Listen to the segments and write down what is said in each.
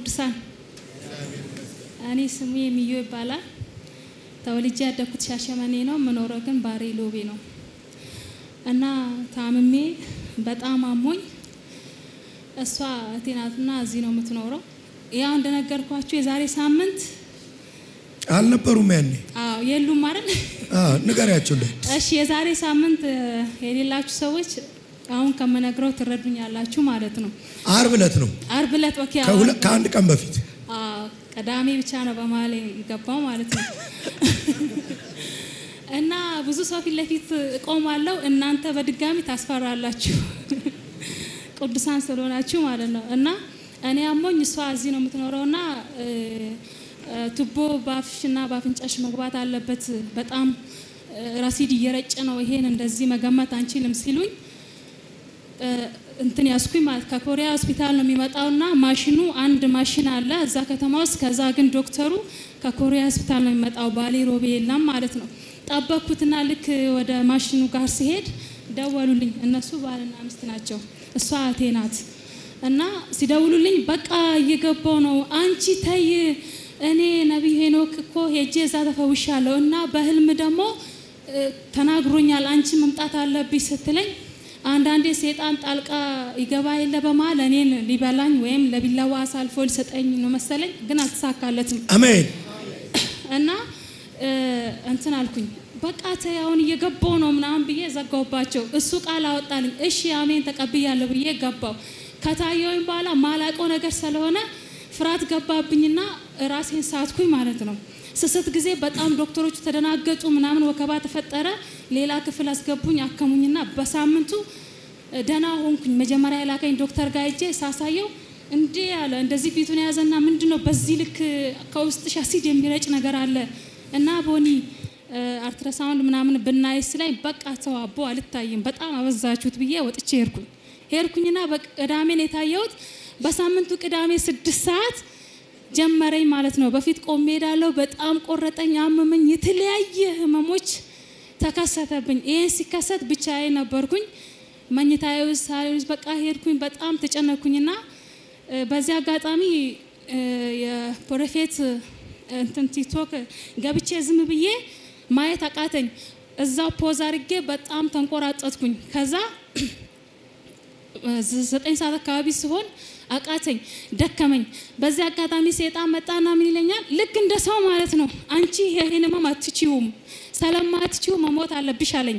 ቅዱሳን፣ እኔ ስሙ የሚዮ ይባላል። ተወልጄ ያደኩት ሻሸመኔ ነው። የምኖረው ግን ባሬ ሎቤ ነው እና ታምሜ በጣም አሞኝ እሷ እቴናትና እዚህ ነው የምትኖረው። ያው እንደነገርኳችሁ የዛሬ ሳምንት አልነበሩም ያኔ የሉም አዎ ንገሪያቸው። እሺ የዛሬ ሳምንት የሌላችሁ ሰዎች አሁን ከምነግረው ትረዱኛላችሁ ማለት ነው። አርብ ዕለት ነው። አርብ ዕለት ከአንድ ቀን በፊት ቅዳሜ ብቻ ነው በመሀል የገባው ማለት ነው። እና ብዙ ሰው ፊት ለፊት እቆማለሁ፣ እናንተ በድጋሚ ታስፈራላችሁ ቅዱሳን ስለሆናችሁ ማለት ነው። እና እኔ አሞኝ እሷ እዚህ ነው የምትኖረው እና ቱቦ በአፍሽና በአፍንጫሽ መግባት አለበት በጣም ረሲድ እየረጭ ነው፣ ይሄን እንደዚህ መገመት አንችልም ሲሉኝ እንትን ያስኩኝ ማለት ከኮሪያ ሆስፒታል ነው የሚመጣውና ማሽኑ አንድ ማሽን አለ እዛ ከተማ ውስጥ። ከዛ ግን ዶክተሩ ከኮሪያ ሆስፒታል ነው የሚመጣው፣ ባሌ ሮቤ የለም ማለት ነው። ጠበኩትና ልክ ወደ ማሽኑ ጋር ሲሄድ ደወሉልኝ። እነሱ ባልና ሚስት ናቸው፣ እሷ አቴናት ናት። እና ሲደውሉልኝ በቃ እየገባው ነው አንቺ ተይ፣ እኔ ነቢይ ሄኖክ እኮ ሄጄ እዛ ተፈውሻለሁ እና በህልም ደግሞ ተናግሮኛል አንቺ መምጣት አለብኝ ስትለኝ አንዳንዴ ሴጣን ጣልቃ ይገባ የለ በማል እኔን ሊበላኝ ወይም ለቢላዋ አሳልፎ ሊሰጠኝ ነው መሰለኝ፣ ግን አልተሳካለትም። አሜን። እና እንትን አልኩኝ በቃ ተይ አሁን እየገባው ነው ምናምን ብዬ ዘጋውባቸው። እሱ ቃል አወጣልኝ። እሺ አሜን ተቀብያለሁ ብዬ ገባው። ከታየውኝ በኋላ ማላቀው ነገር ስለሆነ ፍርሃት ገባብኝና ራሴን ሳትኩኝ ማለት ነው። ስስት ጊዜ በጣም ዶክተሮቹ ተደናገጡ፣ ምናምን ወከባ ተፈጠረ። ሌላ ክፍል አስገቡኝ፣ አከሙኝና በሳምንቱ ደህና ሆንኩኝ። መጀመሪያ የላከኝ ዶክተር ጋር ሄጄ ሳሳየው እንዲ አለ እንደዚህ ፊቱን የያዘና ምንድን ነው በዚህ ልክ ከውስጥሽ አሲድ የሚረጭ ነገር አለ እና ቦኒ አልትራሳውንድ ምናምን ብናይስ ላይ በቃ ተዋቦ አልታይም፣ በጣም አበዛችሁት ብዬ ወጥቼ ሄድኩኝ። ሄድኩኝና በቅዳሜ ነው የታየሁት። በሳምንቱ ቅዳሜ ስድስት ሰዓት ጀመረኝ ማለት ነው። በፊት ቆሜ ሄዳለሁ። በጣም ቆረጠኝ፣ አመመኝ፣ የተለያየ ህመሞች ተከሰተብኝ። ይህን ሲከሰት ብቻዬ ነበርኩኝ መኝታዬ ውስጥ በቃ ሄድኩኝ። በጣም ተጨነኩኝና በዚህ አጋጣሚ የፕሮፌት እንትን ቲክቶክ ገብቼ ዝም ብዬ ማየት አቃተኝ። እዛ ፖዝ አድርጌ በጣም ተንቆራጠጥኩኝ ከዛ ዘጠኝ ሰዓት አካባቢ ሲሆን አቃተኝ፣ ደከመኝ። በዚህ አጋጣሚ ሴጣን መጣና ምን ይለኛል? ልክ እንደ ሰው ማለት ነው። አንቺ ይሄን ህመም አትችይውም፣ አትችው፣ መሞት አለብሽ አለኝ።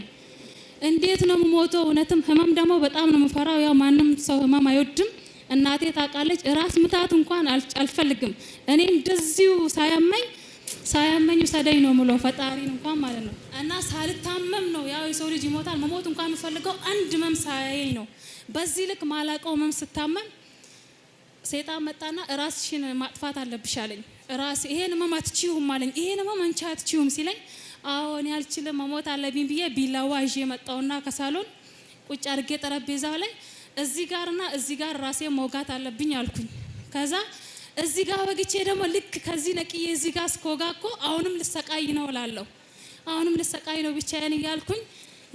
እንዴት ነው የምሞተው? እውነትም ህመም ደግሞ በጣም ነው የምፈራው። ያው ማንም ሰው ህመም አይወድም፣ እናቴ ታውቃለች። ራስ ምታት እንኳን አልፈልግም። እኔ እንደዚሁ ሳያመኝ ሳያመኝ ሰደኝ ነው ምለው ፈጣሪን እንኳን ማለት ነው። እና ሳልታመም ነው ያው የሰው ልጅ ይሞታል። መሞት እንኳን የምፈልገው አንድ መም ሳያየኝ ነው። በዚህ ልክ ማላቀው መም ስታመም ሴጣን መጣና ራስሽን ማጥፋት አለብሽ አለኝ። ራስ ይሄን መም አትችሁም አለኝ። ይሄን መም አንቺ አትችሁም ሲለኝ አዎን ያልችልም መሞት አለብኝ ብዬ ቢላዋ ይዤ መጣውና ከሳሎን ቁጭ አድርጌ ጠረጴዛ ላይ እዚህ ጋርና እዚህ ጋር ራሴ መውጋት አለብኝ አልኩኝ። ከዛ እዚህ ጋር ወግቼ ደግሞ ልክ ከዚህ ነቅዬ እዚህ ጋር እስኮጋ እኮ አሁንም ልሰቃይ ነው እላለሁ። አሁንም ልሰቃይ ነው ብቻዬን እያልኩኝ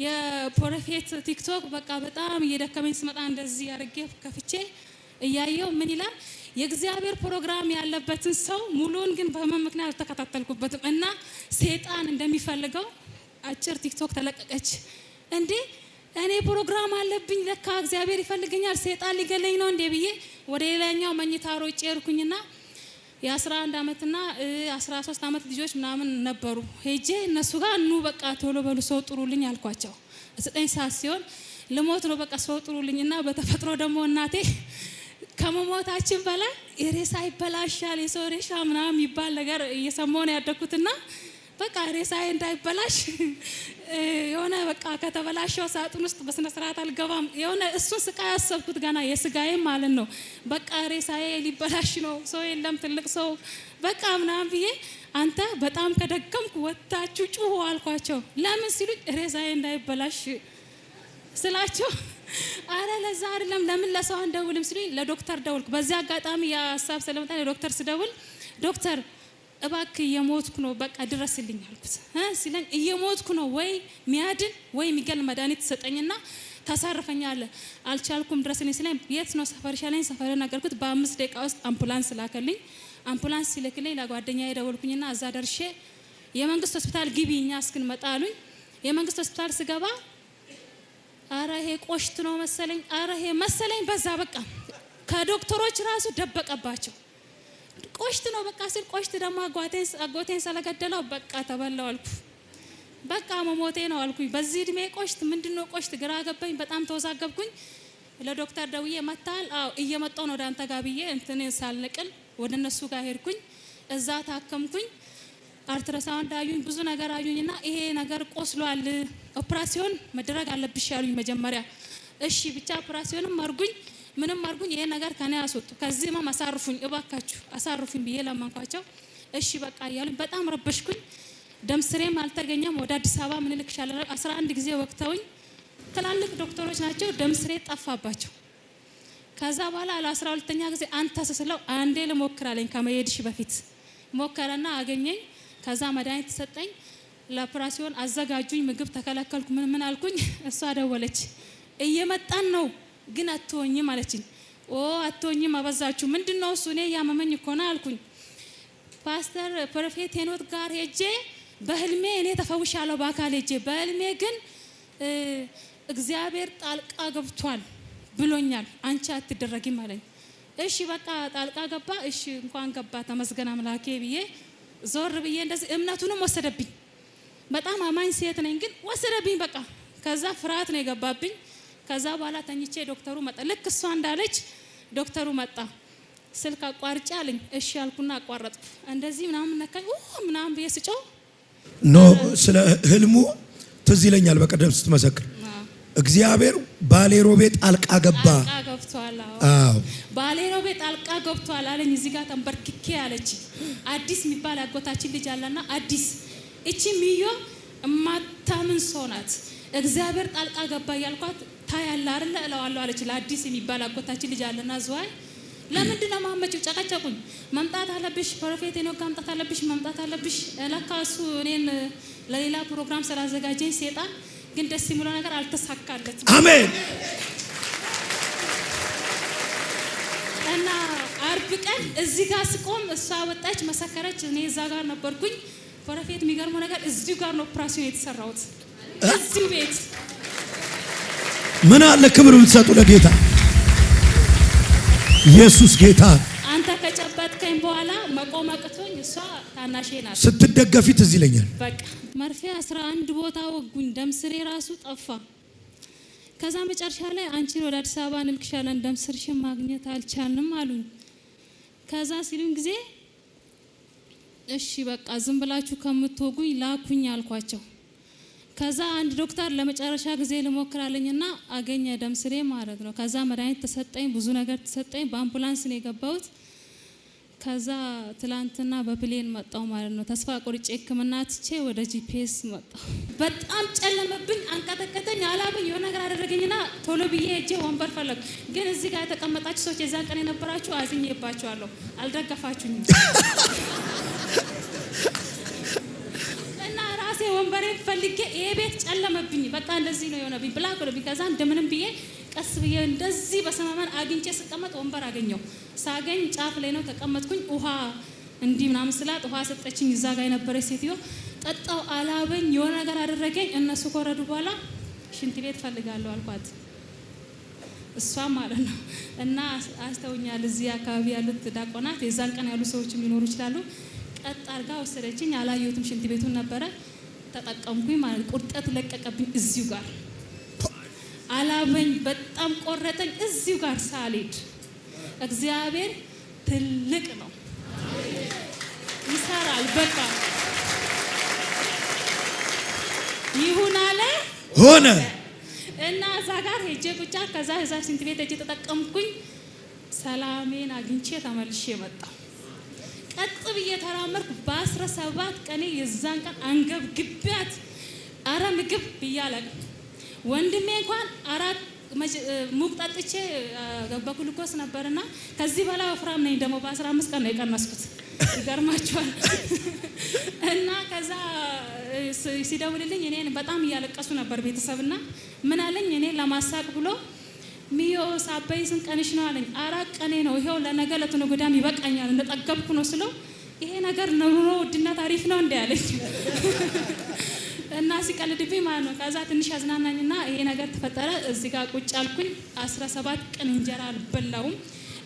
የፕሮፌት ቲክቶክ በቃ በጣም እየደከመኝ ስመጣ እንደዚህ አድርጌ ከፍቼ እያየው ምን ይላል የእግዚአብሔር ፕሮግራም ያለበትን ሰው ሙሉውን ግን በህመም ምክንያት አልተከታተልኩበትም እና ሴጣን እንደሚፈልገው አጭር ቲክቶክ ተለቀቀች እንዴ እኔ ፕሮግራም አለብኝ ለካ እግዚአብሔር ይፈልገኛል ሴጣን ሊገለኝ ነው እንዴ ብዬ ወደ ሌላኛው መኝታ ሮጬ ሄድኩኝና የ11 ዓመትና 13 ዓመት ልጆች ምናምን ነበሩ። ሄጄ እነሱ ጋር ኑ በቃ ቶሎ በሉ ሰው ጥሩልኝ አልኳቸው። ዘጠኝ ሰዓት ሲሆን ልሞት ነው በቃ ሰው ጥሩልኝ እና በተፈጥሮ ደግሞ እናቴ ከመሞታችን በላይ የሬሳ ይበላሻል የሰው ሬሳ ምናምን የሚባል ነገር እየሰማሁ ነው ያደግኩትና በቃ ሬሳዬ እንዳይበላሽ የሆነ በቃ ከተበላሸው ሳጥን ውስጥ በስነ ስርዓት አልገባም። የሆነ እሱን ስቃይ ያሰብኩት ገና የስጋዬ ማለት ነው። በቃ ሬሳዬ ሊበላሽ ነው፣ ሰው የለም ትልቅ ሰው በቃ ምናምን ብዬ አንተ በጣም ከደገምኩ ወታችሁ ጩሁ አልኳቸው። ለምን ሲሉ ሬሳዬ እንዳይበላሽ ስላቸው አረ ለዛ አይደለም፣ ለምን ለሰው አንደውልም ሲሉኝ ለዶክተር ደውልኩ። በዚያ አጋጣሚ የሀሳብ ስለመጣ ለዶክተር ስደውል ዶክተር እባክ እየሞትኩ ነው፣ በቃ ድረስልኝ አልኩት። ሲለኝ እየሞትኩ ነው፣ ወይ ሚያድን ወይ የሚገል መድኃኒት ሰጠኝና ታሳርፈኛ አለ። አልቻልኩም፣ ድረስልኝ ሲለኝ የት ነው ሰፈርሽ አለኝ። ሰፈር ነገርኩት። በአምስት ደቂቃ ውስጥ አምቡላንስ ላከልኝ። አምቡላንስ ሲልክልኝ ለጓደኛዬ ደወልኩኝና እዛ ደርሼ የመንግስት ሆስፒታል ግቢ እኛ እስክንመጣ አሉኝ። የመንግስት ሆስፒታል ስገባ አረ ይሄ ቆሽት ነው መሰለኝ፣ አረ ይሄ መሰለኝ። በዛ በቃ ከዶክተሮች ራሱ ደበቀባቸው። ቆሽት ነው በቃ ሲል ቆሽት ደግሞ አጎቴን ስለገደለው በቃ ተበላው አልኩ። በቃ መሞቴ ነው አልኩኝ። በዚህ እድሜ ቆሽት ምንድን ነው ቆሽት? ግራ ገባኝ። በጣም ተወዛገብኩኝ። ለዶክተር ደውዬ መታል? አው እየመጣሁ ነው ዳንተ ጋር ብዬ እንትንን ሳልንቅል ወደ እነሱ ጋር ሄድኩኝ። እዛ ታከምኩኝ። አልትራሳውንድ አዩኝ፣ ብዙ ነገር አዩኝ። ና ይሄ ነገር ቆስሏል፣ ኦፕራሲዮን መደረግ አለብሽ ያሉኝ መጀመሪያ። እሺ ብቻ ኦፕራሲዮንም አርጉኝ ምንም አድርጉኝ፣ ይሄ ነገር ከኔ አስወጡ፣ ከዚህ ማም አሳርፉኝ፣ እባካችሁ አሳርፉኝ ብዬ ለመንኳቸው። እሺ በቃ እያሉኝ በጣም ረበሽኩኝ። ደም አልተገኘም። ወደ አዲስ አበባ ምን ልክሻለሁ 11 ጊዜ ወቅተውኝ፣ ትላልቅ ዶክተሮች ናቸው። ደም ስሬ ጠፋባቸው። ከዛ በኋላ ለ12ኛ ጊዜ አንተ ስስለው አንዴ ልሞክራለኝ ከመሄድሽ በፊት ሞከረና አገኘኝ። ከዛ መድኃኒት ሰጠኝ። ለኦፕራሲዮን አዘጋጁኝ። ምግብ ተከለከልኩ። ምን ምን አልኩኝ። እሷ ደወለች እየመጣን ነው ግን አትሆኝም አለችኝ። ኦ አትሆኝም አበዛችሁ። ምንድን ነው እሱ? እኔ እያመመኝ እኮ ነው አልኩኝ። ፓስተር ፕሮፌት ሄኖት ጋር ሄጄ በህልሜ እኔ ተፈውሻለሁ በአካል ሄጄ፣ በህልሜ ግን እግዚአብሔር ጣልቃ ገብቷል ብሎኛል፣ አንቺ አትደረጊም አለኝ። እሺ በቃ ጣልቃ ገባ። እሺ እንኳን ገባ ተመስገን አምላኬ ብዬ ዞር ብዬ እንደዚህ እምነቱንም ወሰደብኝ። በጣም አማኝ ሴት ነኝ፣ ግን ወሰደብኝ። በቃ ከዛ ፍርሃት ነው የገባብኝ። ከዛ በኋላ ተኝቼ ዶክተሩ መጣ። ልክ እሷ እንዳለች ዶክተሩ መጣ። ስልክ አቋርጭ አለኝ። እሺ አልኩና አቋረጥኩ። እንደዚህ ምናምን ነካኝ ምናምን ብዬ ስጮ ኖ ስለ ህልሙ ትዝ ይለኛል። በቀደም ስትመሰክር እግዚአብሔር ባሌሮ ቤት ጣልቃ ገባ ገብቷል። ባሌሮ ቤት ጣልቃ ገብቷል አለኝ። እዚህ ጋር ተንበርክኬ አለች። አዲስ የሚባል ያጎታችን ልጅ አለና አዲስ እቺ ሚዮ እማታምን ሰው ናት። እግዚአብሔር ጣልቃ ገባ እያልኳት ታያለህ አይደለ እለዋለሁ አለች። ለአዲስ የሚባል አጎታችን ልጅ አለና ዝዋይ ለምንድን ነው ማመጪው? ጨቀጨቁኝ። መምጣት አለብሽ ፕሮፌት ሄኖክ መምጣት አለብሽ መምጣት አለብሽ። ለካ እሱ እኔን ለሌላ ፕሮግራም ስላዘጋጀኝ ሴጣን ግን ደስ የሚለው ነገር አልተሳካለትም። አሜን እና አርብ ቀን እዚህ ጋር ስቆም እሷ ወጣች፣ መሰከረች። እኔ እዛ ጋር ነበርኩኝ። ፕሮፌት የሚገርመው ነገር እዚሁ ጋር ነው ኦፕራሲዮን የተሰራሁት እዚሁ ቤት ምን አለ ክብር ብትሰጡ ለጌታ። ኢየሱስ ጌታ። አንተ ከጨበጥከኝ በኋላ መቆም አቅቶኝ እሷ ታናሼ ናት ስትደገፊ ትዝ ይለኛል። በቃ መርፌ አስራ አንድ ቦታ ወጉኝ፣ ደም ስሬ ራሱ ጠፋ። ከዛ መጨረሻ ላይ አንቺን ወደ አዲስ አበባ እንልክሻለን፣ ደም ማግኘት አልቻልንም አሉኝ። ከዛ ሲሉን ጊዜ እሺ በቃ ዝም ብላችሁ ከምትወጉኝ ላኩኝ አልኳቸው። ከዛ አንድ ዶክተር ለመጨረሻ ጊዜ ልሞክራለኝና አገኘ ደም ስሬ ማለት ነው። ከዛ መድኃኒት ተሰጠኝ፣ ብዙ ነገር ተሰጠኝ። በአምቡላንስ ነው የገባሁት። ከዛ ትላንትና በፕሌን መጣው ማለት ነው። ተስፋ ቆርጬ ሕክምና ትቼ ወደ ጂፒኤስ መጣው። በጣም ጨለመብኝ፣ አንቀጠቀጠኝ፣ አላብኝ የሆነ ነገር አደረገኝና ቶሎ ብዬ እጄ ወንበር ፈለግ። ግን እዚህ ጋር የተቀመጣችሁ ሰዎች የዛን ቀን የነበራችሁ አዝኜባችኋለሁ፣ አልደገፋችሁኝም። ወንበሬ ፈልጌ ይሄ ቤት ጨለመብኝ። በቃ እንደዚህ ነው የሆነብኝ ብላክ ነው። ከዛ እንደምንም ብዬ ቀስ ብዬ እንደዚህ በሰማማን አግኝቼ ስቀመጥ ወንበር አገኘው። ሳገኝ ጫፍ ላይ ነው ተቀመጥኩኝ። ውሃ እንዲህ ምናምን ስላት ውሃ ሰጠችኝ። እዛ ጋር የነበረች ሴትዮ ጠጣው፣ አላበኝ፣ የሆነ ነገር አደረገኝ። እነሱ ከወረዱ በኋላ ሽንት ቤት ፈልጋለሁ አልኳት። እሷም ማለት ነው እና አስተውኛል። እዚህ አካባቢ ያሉት ዳቆናት የዛን ቀን ያሉ ሰዎች ሊኖሩ ይችላሉ። ቀጥ አድርጋ ወሰደችኝ። አላየሁትም፣ ሽንት ቤቱን ነበረ ተጠቀምኩኝ ማለት ቁርጠት ለቀቀብኝ። እዚሁ ጋር አላበኝ፣ በጣም ቆረጠኝ። እዚሁ ጋር ሳልሄድ እግዚአብሔር ትልቅ ነው፣ ይሰራል። በቃ ይሁን አለ ሆነ እና እዛ ጋር ሄጄ ብቻ ከዛ ዛ ሽንት ቤት ሄጄ ተጠቀምኩኝ። ሰላሜን አግኝቼ ተመልሼ መጣሁ። ቀጥ ብዬ ተራመድኩ። በአስራ ሰባት ቀኔ የዛን ቀን አንገብ ግቢያት አረ ምግብ ብያለሁ። ወንድሜ እንኳን አራት ሙቅ ጠጥቼ በግሉኮስ ነበርና ከዚህ በላይ ወፍራም ነኝ። ደግሞ በአስራ አምስት ቀን ነው የቀነስኩት። ይገርማቸዋል እና ከዛ ሲደውልልኝ እኔን በጣም እያለቀሱ ነበር ቤተሰብና ምን አለኝ ለማሳቅ ብሎ ሚዮ ሳበይ ስንት ቀንሽ ነው አለኝ። አራት ቀኔ ነው ይኸው ለነገ ለትኑ ጉዳም ይበቃኛል እንደጠገብኩ ነው ስለው ይሄ ነገር ኑሮ ውድነት አሪፍ ነው እንደ ያለች እና ሲቀልድብኝ ማለት ነው። ከዛ ትንሽ አዝናናኝና ይሄ ነገር ተፈጠረ። እዚህ ጋር ቁጭ አልኩኝ። አስራ ሰባት ቀን እንጀራ አልበላውም።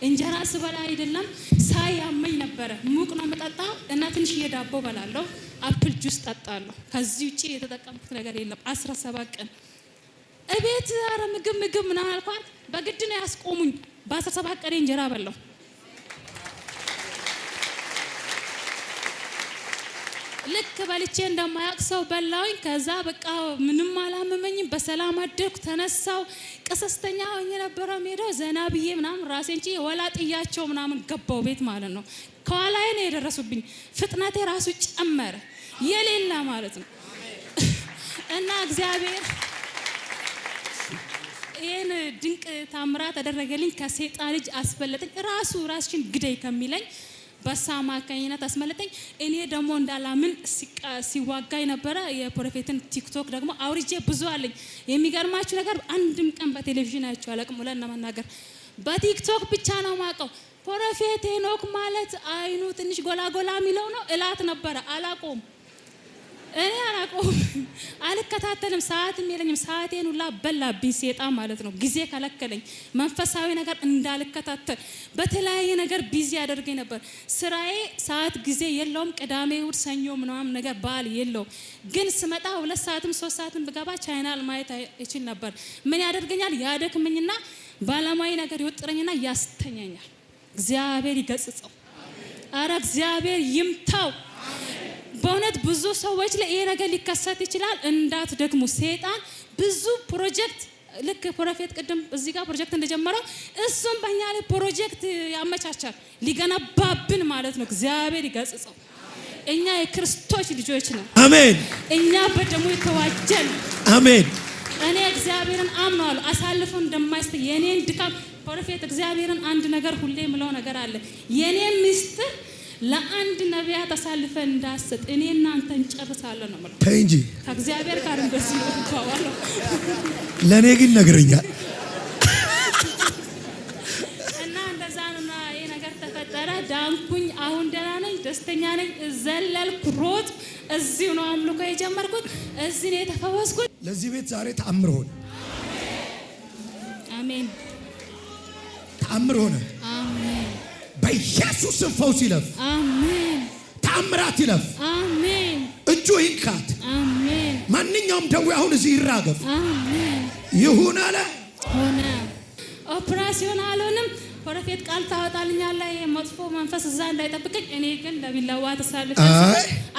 እንጀራ ስበላ አይደለም ሳያመኝ ነበረ። ሙቅ ነው የምጠጣው እና ትንሽዬ ዳቦ በላለሁ። አፕል ጁስ ጠጣለሁ። ከዚህ ውጭ የተጠቀምኩት ነገር የለም አስራ ሰባት ቀን እቤት ኧረ ምግብ ምግብ ምናምን አልኳት። በግድ ነው ያስቆሙኝ። በአስራ ሰባት ቀን እንጀራ በላሁ። ልክ በልቼ እንደማያውቅ ሰው በላውኝ። ከዛ በቃ ምንም አላመመኝም። በሰላም አደርኩ። ተነሳው ቅስስተኛ ሆኜ ነበረ ሄደው ዘና ብዬ ምናምን ራሴን ችዬ ወላ ምናምን ገባው ቤት ማለት ነው። ከኋላዬ ነው የደረሱብኝ። ፍጥነቴ ራሱ ጨመረ የሌላ ማለት ነው እና እግዚአብሔር ይህን ድንቅ ታምራ ተደረገልኝ፣ ከሴጣን ልጅ አስበለጠኝ፣ ራሱ ራስሽን ግደይ ከሚለኝ በሳ አማካኝነት አስመለጠኝ። እኔ ደግሞ እንዳላምን ሲዋጋ ነበረ የፕሮፌትን ቲክቶክ ደግሞ አውርጄ ብዙ አለኝ። የሚገርማችሁ ነገር አንድም ቀን በቴሌቪዥን አይቼው አላውቅም። ብለን ለመናገር በቲክቶክ ብቻ ነው ማውቀው። ፕሮፌት ሄኖክ ማለት አይኑ ትንሽ ጎላጎላ የሚለው ነው እላት ነበረ አላቆም እኔ አላውቀውም፣ አልከታተልም፣ ሰዓትም የለኝም። ሰዓቴን ሁላ በላብኝ ሴጣን ማለት ነው። ጊዜ ከለከለኝ። መንፈሳዊ ነገር እንዳልከታተል በተለያየ ነገር ቢዚ ያደርገኝ ነበር። ስራዬ ሰዓት ጊዜ የለውም። ቅዳሜ፣ እሑድ፣ ሰኞ ምናምን ነገር በዓል የለውም። ግን ስመጣ ሁለት ሰዓትም ሶስት ሰዓትም ብገባ ቻይናል ማየት ይችል ነበር። ምን ያደርገኛል? ያደክምኝና ባለማዊ ነገር ይወጥረኝና ያስተኛኛል። እግዚአብሔር ይገስጸው። አረ እግዚአብሔር ይምታው። በእውነት ብዙ ሰዎች ላይ ይሄ ነገር ሊከሰት ይችላል። እንዳት ደግሞ ሴጣን ብዙ ፕሮጀክት ልክ ፕሮፌት ቅድም እዚህ ጋር ፕሮጀክት እንደጀመረው እሱም በእኛ ላይ ፕሮጀክት ያመቻቻል ሊገነባብን ማለት ነው። እግዚአብሔር ይገጽጸው። እኛ የክርስቶስ ልጆች ነን። አሜን። እኛ በደሙ የተዋጀን። አሜን። እኔ እግዚአብሔርን አምነዋለሁ አሳልፎ እንደማይስተ የኔን ድካም ፕሮፌት እግዚአብሔርን አንድ ነገር ሁሌ የምለው ነገር አለ የኔን ሚስጥር ለአንድ ነቢያት አሳልፈን እንዳሰጥ እኔ እናንተ እንጨርሳለሁ ነው የምለው። ተይ እንጂ ከእግዚአብሔር ጋር እንደዚህ ነው ለእኔ ግን ነግረኛል እና እንደዛ ነው ይሄ ነገር ተፈጠረ። ዳንኩኝ። አሁን ደህና ነኝ፣ ደስተኛ ነኝ። ዘለልኩ፣ ሮጥ። እዚሁ ነው አምልኮ የጀመርኩት። እዚህ ነው የተፈወስኩት። ለዚህ ቤት ዛሬ ተአምር ሆነ። አሜን። ተአምር ሆነ። አሜን። በኢየሱስም ፈውስ ይለፍ፣ ታምራት ይለፍ። እጁ ይንካት። ማንኛውም ደዌ አሁን እዚህ ይራገፍ። ይሁን አለ ሆነ። ኦፕራሲዮን አልሆንም። ፕሮፌት ቃል ታወጣልኛለህ። መጥፎ መንፈስ እዛ እንዳይጠብቀኝ። እኔ ግን ለቢላዋ ተሳልፍ።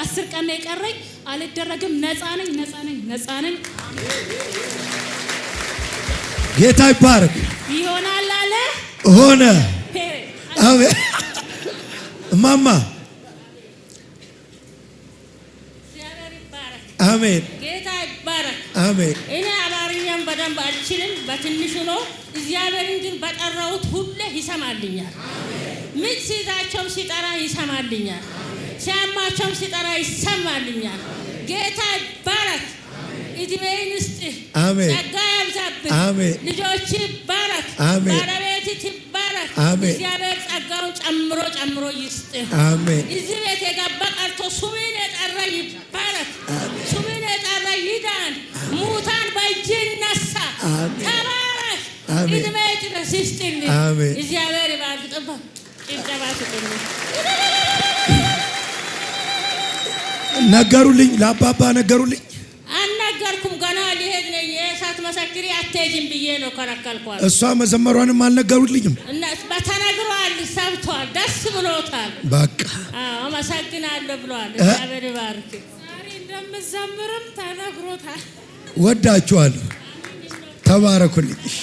አስር ቀን ነው የቀረኝ። አልደረግም። ነፃ ነኝ፣ ነፃ ነኝ፣ ነፃ ነኝ። ጌታ ይባርክ። ይሆናል አለ ሆነ። እማማ አሜን። ጌታ ይባረክ። አሜን። እኔ አማርኛም በደንብ አልችልም፣ በትንሹ ነው። እግዚአብሔርን ግን በጠራሁት ሁሌ ይሰማልኛል። ምን ሲይዛቸውም ሲጠራ ይሰማልኛል። ሲያማቸውም ሲጠራ ይሰማልኛል። ጌታ ይባረክ። እድሜን ውስጥ ጸጋ ልጆች ይባረክ። ባለቤት ይባረክ። እግዚአብሔር ጨምሮ ጨምሮ ጨምሮ ይስጥ። አሜን። እዚህ ቤት የገባ ቀርቶ ስምን የጠራ ይባረክ። ስምን የጠራ ይዳን። ሙታን በእጅ ይነሳ። ተባረክ። እድሜ ጭረስ ይስጥል። እግዚአብሔር ይባርክ። ጥባ ጭብጨባ ነገሩልኝ፣ ለአባባ ነገሩልኝ። አልነገርኩም ገና ሊሄድ የእሳት መሰክሪ አትሄጂም ብዬ ነው ከረከልኳል። እሷ መዘመሯንም አልነገሩልኝም። እግዚአብሔር ሰምቷል፣ ደስ ብሎታል። በቃ አመሰግናለሁ ብለዋል። እግዚአብሔር ይባርክ። ዛሬ እንደምዘምርም ተነግሮታል። ወዳችኋለሁ። ተባረኩልኝ።